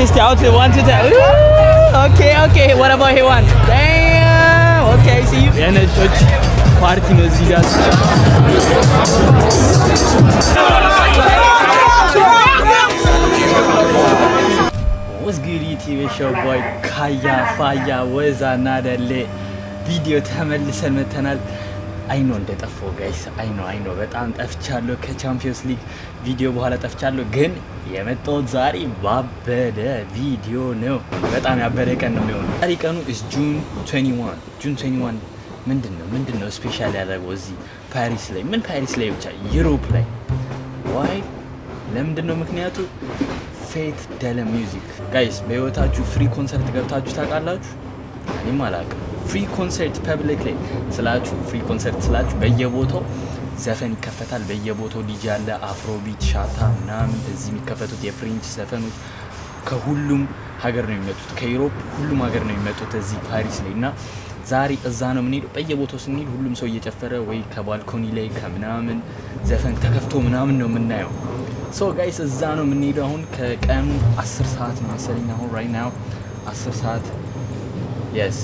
160 outfit, to Ooh, okay, okay. What about he one? Damn. Okay, see you. Yeah, church party ነው እዚህ What's good YouTube? It's your boy Kaya Faya Weza Nadale ቪዲዮ ተመልሰን መተናል። አይኖ እንደጠፋው ጋይስ፣ አይኖ አይኖ በጣም ጠፍቻለሁ። ከቻምፒዮንስ ሊግ ቪዲዮ በኋላ ጠፍቻለሁ፣ ግን የመጣሁት ዛሬ ባበደ ቪዲዮ ነው። በጣም ያበደ ቀን ነው የሚሆነው ዛሬ። ቀኑ እስ ጁን 21 ጁን 21 ምንድን ነው ምንድን ነው ስፔሻል ያደረገው እዚህ ፓሪስ ላይ? ምን ፓሪስ ላይ ብቻ ዩሮፕ ላይ ዋይ ለምንድን ነው ምክንያቱ? ፌት ደለ ሚውዚክ ጋይስ፣ በህይወታችሁ ፍሪ ኮንሰርት ገብታችሁ ታውቃላችሁ? እኔም አላውቅም። ፍሪ ኮንሰርት ፐብሊክ ላይ ስላችሁ ፍሪ ኮንሰርት ስላችሁ በየቦታው ዘፈን ይከፈታል። በየቦታው ዲጂ አለ። አፍሮቢት፣ ሻታ ምናምን እዚህ የሚከፈቱት የፍሬንች ዘፈኖች ከሁሉም ሀገር ነው የሚመጡት። ከዩሮፕ ሁሉም ሀገር ነው የሚመጡት እዚህ ፓሪስ ላይ እና ዛሬ እዛ ነው የምንሄደው። በየቦታው ስንሄድ ሁሉም ሰው እየጨፈረ ወይ ከባልኮኒ ላይ ከምናምን ዘፈን ተከፍቶ ምናምን ነው የምናየው። ሶ ጋይስ እዛ ነው የምንሄደው። አሁን ከቀኑ አስር ሰዓት መሰለኝ አሁን ራይት ናው አስር ሰዓት የስ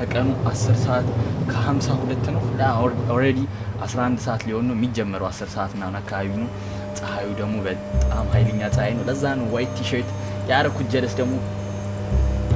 ከቀኑ 10 ሰዓት ከ52 ነው። ኦልሬዲ 11 ሰዓት ሊሆን ነው የሚጀመረው 10 ሰዓት ምናምን አካባቢ ነው። ፀሐዩ ደግሞ በጣም ኃይለኛ ፀሐይ ነው። ለዛ ነው ዋይት ቲሸርት ያረኩት። ጀለስ ደግሞ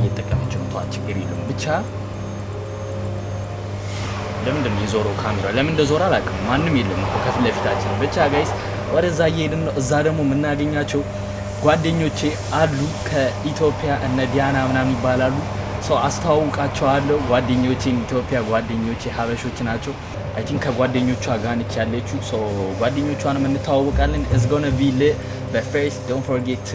እየጠቀመች ነው። ተዋት፣ ችግር የለም ብቻ ለምንድን ነው የዞረው ካሜራ? ለምን እንደዞረ አላውቅም። ማንም የለም እኮ ከፊት ለፊታችን ብቻ ጋይስ፣ ወደዛ እየሄድን ነው። እዛ ደግሞ የምናገኛቸው ጓደኞቼ አሉ ከኢትዮጵያ እነ ዲያና ምናምን ይባላሉ። ሰው አስተዋውቃቸዋለሁ። ጓደኞቼን ኢትዮጵያ ጓደኞቼ ሀበሾች ናቸው። አይ ቲንክ ከጓደኞቿ ጋር ነች ያለችው። ሶ ጓደኞቿንም እንተዋወቃለን። ኢትስ ጎነ ቢ ል በፌስ ዶንት ፎርጌት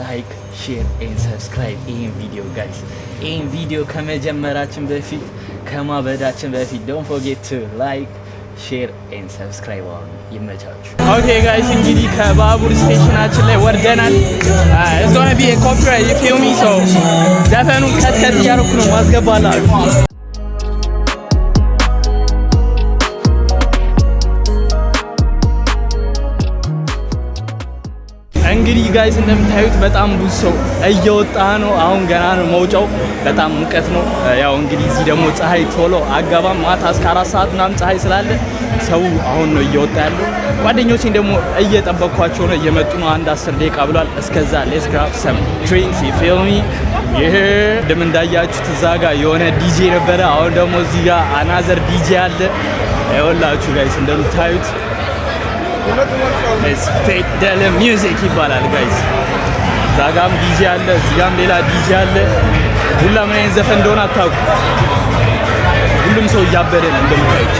ላይክ ሼር ኤን ሰብስክራይብ ይህን ቪዲዮ ጋይስ። ይህን ቪዲዮ ከመጀመራችን በፊት ከማበዳችን በፊት ዶንት ፎርጌት ላይክ ሼር ኤን ሰብስክራይብ አሁን ይመቻችሁ። ኦኬ ጋይስ እንግዲህ ከባቡር ስቴሽናችን ላይ ወርደናል። ኮፒራይት ፊልሚ ሰው ዘፈኑን ከትከት እያደረኩ ነው ማስገባላችሁ እንግዲህ ጋይስ እንደምታዩት በጣም ብዙ ሰው እየወጣ ነው። አሁን ገና ነው መውጫው። በጣም ሙቀት ነው። ያው እንግዲህ እዚህ ደግሞ ፀሐይ ቶሎ አጋባም። ማታ እስከ አራት ሰዓት ምናምን ፀሐይ ስላለ ሰው አሁን ነው እየወጣ ያለው። ጓደኞችን ደግሞ እየጠበቅኳቸው ነው። እየመጡ ነው። አንድ አስር ደቂቃ ብሏል። እስከዛ ሌስ ግራፍ ሰም ድሪንክስ ፊልሚ ይሄ ድም እንዳያችሁት እዛ ጋ የሆነ ዲጄ ነበረ። አሁን ደግሞ እዚህ ጋር አናዘር ዲጄ አለ። ይኸውላችሁ ጋይስ እንደምታዩት ስፔደል ሚውዚክ ይባላል ጋይዝ። ዛጋም ዲጄ አለ፣ እዚጋም ሌላ ዲጄ አለ። ሁላ ምን አይነት ዘፈን እንደሆነ አታውቁ። ሁሉም ሰው እያበደ ነው እንደምታዩት።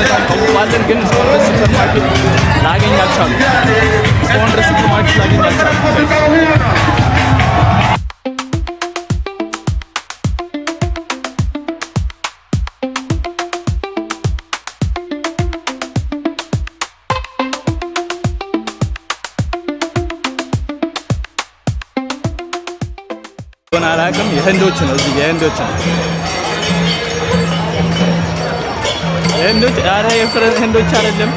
በጣም ባለን ግን ስፖንደር ሲሰማችሁ ላገኝ አልቻልኩም። ስፖንደር ሲሰማችሁ ላገኝ አልቻልኩም። አላውቅም። የህንዶች ነው እዚህ የህንዶች ነው። ህንዶች አረ የፈረንጅ ህንዶች አይደለም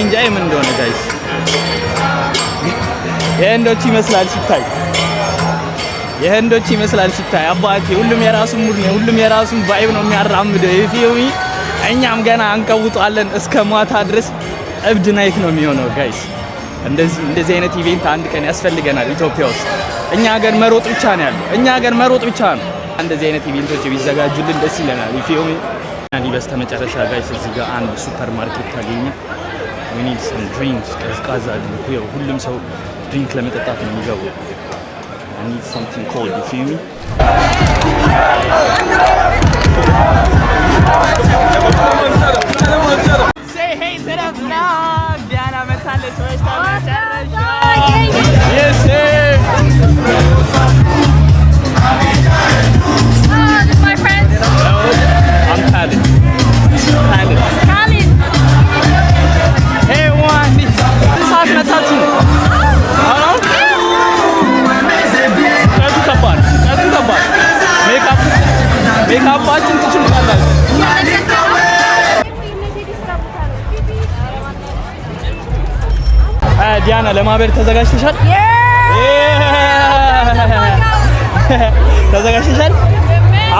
እንጃ ምን እንደሆነ ጋይስ የህንዶች ይመስላል ሲታይ የህንዶች ይመስላል ሲታይ አባቴ ሁሉም የራሱን ሙድ ነው ሁሉም የራሱን ቫይብ ነው የሚያራምደው ይፊውሚ እኛም ገና አንቀውጧለን እስከ ማታ ድረስ እብድ ናይት ነው የሚሆነው ጋይስ እንደዚህ እንደዚህ አይነት ኢቬንት አንድ ቀን ያስፈልገናል ኢትዮጵያ ውስጥ እኛ ሀገር መሮጥ ብቻ ነው ያለው እኛ ሀገር መሮጥ ብቻ ነው እንደዚህ አይነት ኢቬንቶች ቢዘጋጁልን ደስ ይለናል ይፊውሚ እና በስተ መጨረሻ ጋይስ እዚህ ጋር አንድ ሱፐር ማርኬት ታገኘ። ዊ ኒድ ሰም ድሪንክስ ቀዝቃዛ አድርጉ። ያው ሁሉም ሰው ድሪንክ ለመጠጣት ነው የሚገባው። ዊ ኒድ ሰምቲንግ ኮልድ ዩ ፊል ሚ Thank ካባችን ትችሉታላችሁ። ዲያና ለማህበር ተዘጋጅተሻል? ተዘጋጅተሻል?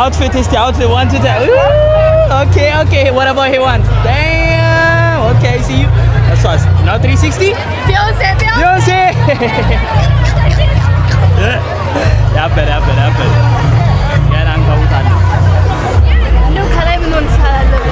አውትፊት እስቲ አውትፊት ዋን ቱ ኦኬ ኦኬ ዋት አባውት ሄዋን ዳም ኦኬ አይ ሲ ዩ That's us. 360. Beyonce, Beyonce. ያበደ ያበደ ያበደ ገና እንጋውጣለን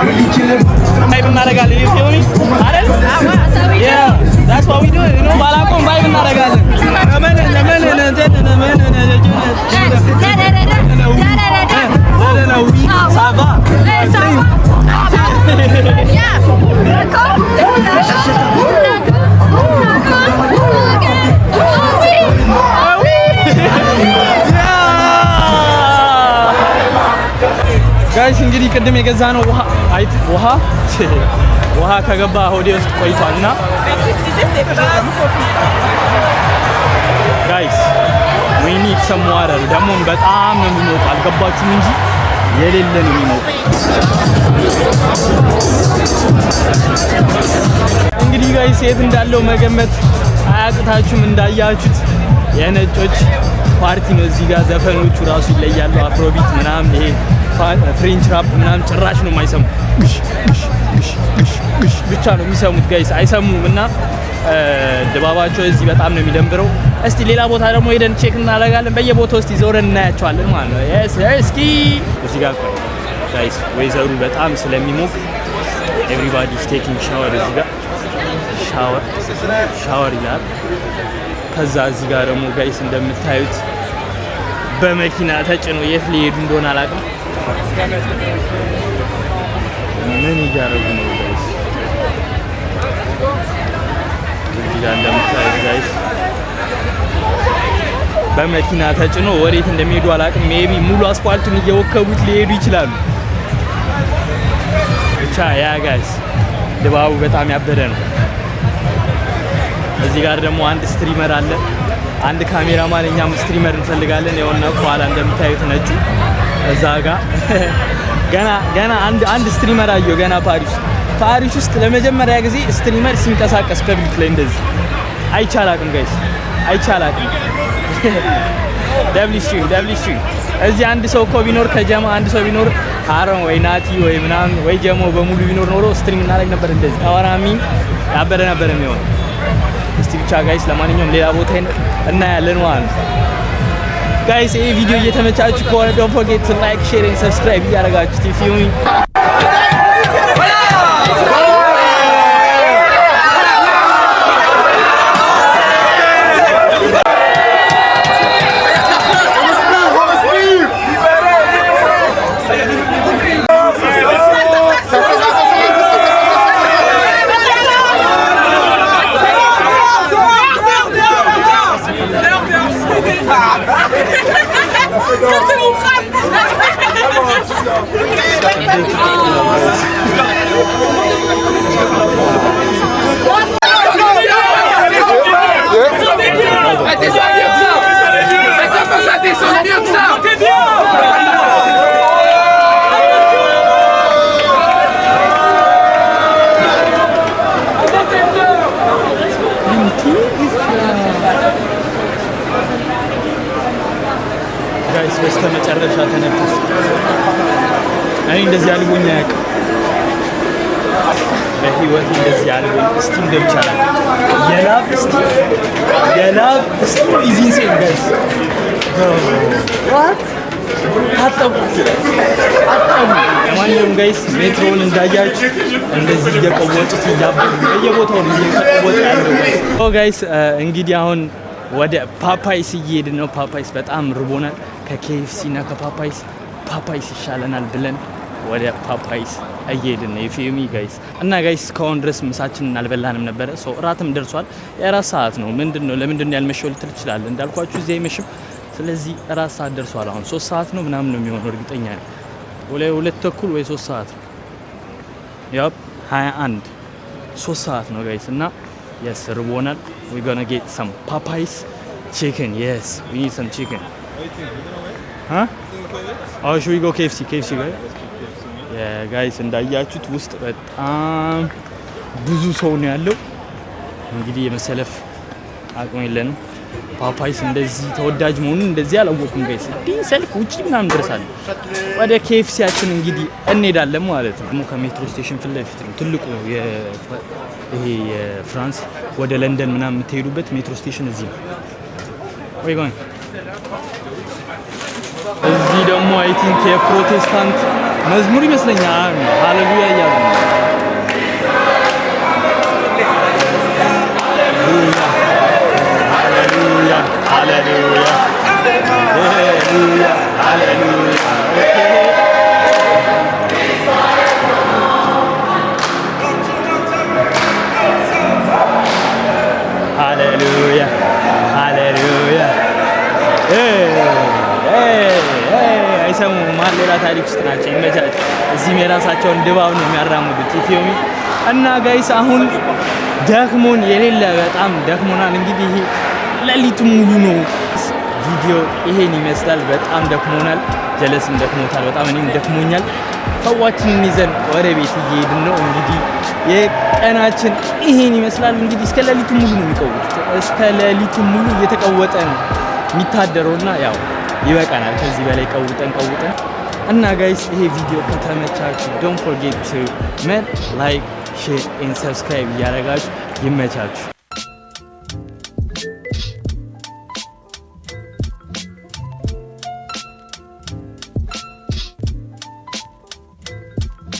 Hey, Vibing Madagali, you feel me? Pardon? Yeah, that's what we do. You know, while I'm vibing Madagali. Ça va? Ça va? Yeah! D'accord? እዚህ ቅድም የገዛ ነው ውሃ አይት ውሃ ውሃ ከገባ ሆዴ ውስጥ ቆይቷልና እና ጋይስ ዊ ኒድ ሰም ዋተር ደግሞም በጣም ነው የሚሞቅ አልገባችሁም እንጂ የሌለ ነው የሚሞቅ እንግዲህ ጋይስ የት እንዳለው መገመት አያቅታችሁም እንዳያችሁት የነጮች ፓርቲ ነው እዚህ ጋር ዘፈኖቹ ራሱ ይለያሉ አፍሮቢት ምናምን ይሄ ፍሬንች ራፕ ምናምን ጭራሽ ነው የማይሰሙ ብቻ ነው የሚሰሙት። ጋይስ አይሰሙም እና ድባባቸው እዚህ በጣም ነው የሚደንብረው። እስቲ ሌላ ቦታ ደግሞ ሄደን ቼክ እናደርጋለን። በየቦታው እስቲ ዞረን እናያቸዋለን ማለት ነው። እስኪ እዚህ ጋር ጋይስ ወይዘሩ በጣም ስለሚሞቅ ኤቭሪባዲ ቴኪንግ ሻወር እዚህ ጋር ሻወር ሻወር ይላል። ከዛ እዚህ ጋር ደግሞ ጋይስ እንደምታዩት በመኪና ተጭኖ የት ሊሄዱ እንደሆነ አላውቅም። ምን እያደረጉ ነው ጋይስ? እዚህ ጋር እንደምታዩት ጋይስ በመኪና ተጭኖ ወዴት እንደሚሄዱ አላውቅም። ሜቢ ሙሉ አስፋልቱን እየወከቡት ሊሄዱ ይችላሉ። ብቻ ያ ጋይስ ድባቡ በጣም ያበደ ነው። እዚህ ጋር ደግሞ አንድ ስትሪመር አለ። አንድ ካሜራማን እኛም ስትሪመር እንፈልጋለን። የሆነ ከኋላ እንደምታዩት ነጩ እዛ ጋር ገና ገና አንድ አንድ ስትሪመር አየሁ። ገና ፓሪስ ፓሪስ ውስጥ ለመጀመሪያ ጊዜ ስትሪመር ሲንቀሳቀስ ፐብሊክ ላይ እንደዚህ አይቻላቅም፣ ጋይስ አይቻላቅም። ደብሊሽ ደብሊሽ እዚህ አንድ ሰው እኮ ቢኖር ከጀማ አንድ ሰው ቢኖር አረም ወይ ናቲ ወይ ምናምን ወይ ጀሞ በሙሉ ቢኖር ኖሮ ስትሪም እናደርግ ነበር። እንደዚህ አዋራሚ ያበረ ነበር የሚሆን። እስቲ ብቻ ጋይስ፣ ለማንኛውም ሌላ ቦታ እናያለን ማለት ነው። guys, if you do, you don't forget to like, share, and subscribe. You gotta go to TV. መጨረሻ ተነፍስ። እኔ እንደዚህ አልቦኝ አያውቅም በህይወት እንደዚህ አልቦኝ። እስቲ ደብቻለሁ የላብ እስቲ የላብ እስቲ ኢዚን ሴን ጋይስ ዋት አጠቡ አጠቡ። ለማንኛውም ጋይስ ሜትሮን እንዳያችሁ እንደዚህ እየቀወጡት እያበሉ በየቦታው እየቆወጡ ያለው ጋይስ። እንግዲህ አሁን ወደ ፓፓይስ እየሄድን ነው። ፓፓይስ በጣም ርቦናል። ከኬኤፍሲ እና ከፓፓይስ ፓፓይስ ይሻለናል ብለን ወደ ፓፓይስ እየሄድን ነው። የፊሚ ጋይስ እና ጋይስ እስካሁን ድረስ ምሳችንን አልበላንም ነበረ። እራትም ደርሷል። የራት ሰዓት ነው። ምንድን ነው ለምንድን ነው ያልመሸው ልትል ይችላል። እንዳልኳችሁ እዚህ አይመሽም። ስለዚህ እራት ሰዓት ደርሷል። አሁን ሶስት ሰዓት ነው ምናምን ነው የሚሆነው እርግጠኛ ነኝ። ሁለት ተኩል ወይ ሶስት ሰዓት ነው። ያው ሀያ አንድ ሶስት ሰዓት ነው ጋይስ እና የስ ርቦናል። ዊ ጎና ጌት ሰም ፓፓይስ ቺክን የስ ዊ ኒድ ሰም ቺክን እ አዎ ሹዊ ጎ ኬፍሲ ኬፍሲ ጋር ጋይስ እንዳያችሁት ውስጥ በጣም ብዙ ሰው ነው ያለው። እንግዲህ የመሰለፍ አቅም የለንም። ፓፓይስ እንደዚህ ተወዳጅ መሆኑን እንደዚህ አላወቅኩም ጋይስ። ግን ሰልፍ ውጪ ምናምን ደርሳለ። ወደ ኬኤፍሲያችን እንግዲህ እንሄዳለን ማለት ነው። ከሜትሮ ስቴሽን ፊት ለፊት ነው ትልቁ ይሄ የፍራንስ ወደ ለንደን ምናምን የምትሄዱበት ሜትሮ ስቴሽን እዚህ ነው ወይ እዚህ ደግሞ አይ ቲንክ የፕሮቴስታንት መዝሙር ይመስለኛል። ሃሌሉያ እያሉ ሃሌሉያ ሃሌሉያ ይሰሙማል። ሌላ ታሪክ ውስጥ ናቸው። ይመቻች። እዚህም የራሳቸውን ድባብ ነው የሚያራምዱት ኢትዮሚ እና ጋይስ አሁን ደክሞን የሌለ በጣም ደክሞናል። እንግዲህ ይሄ ሌሊቱ ሙሉ ነው ቪዲዮ ይሄን ይመስላል። በጣም ደክሞናል። ጀለስም ደክሞታል። በጣም እኔም ደክሞኛል። ሰዋችንን ይዘን ወደ ቤት እየሄድን ነው። እንግዲህ የቀናችን ይሄን ይመስላል። እንግዲህ እስከ ሌሊቱ ሙሉ ነው የሚቀውጡት። እስከ ሌሊቱ ሙሉ እየተቀወጠ ነው የሚታደረውና ያው ይበቃናል። ከዚህ በላይ ቀውጠን ቀውጠን እና ጋይስ ይሄ ቪዲዮ ከተመቻችሁ ዶንት ፎርጌት ቱ ሜት ላይክ ሼር ኤንድ ሰብስክራይብ እያደረጋችሁ ይመቻችሁ።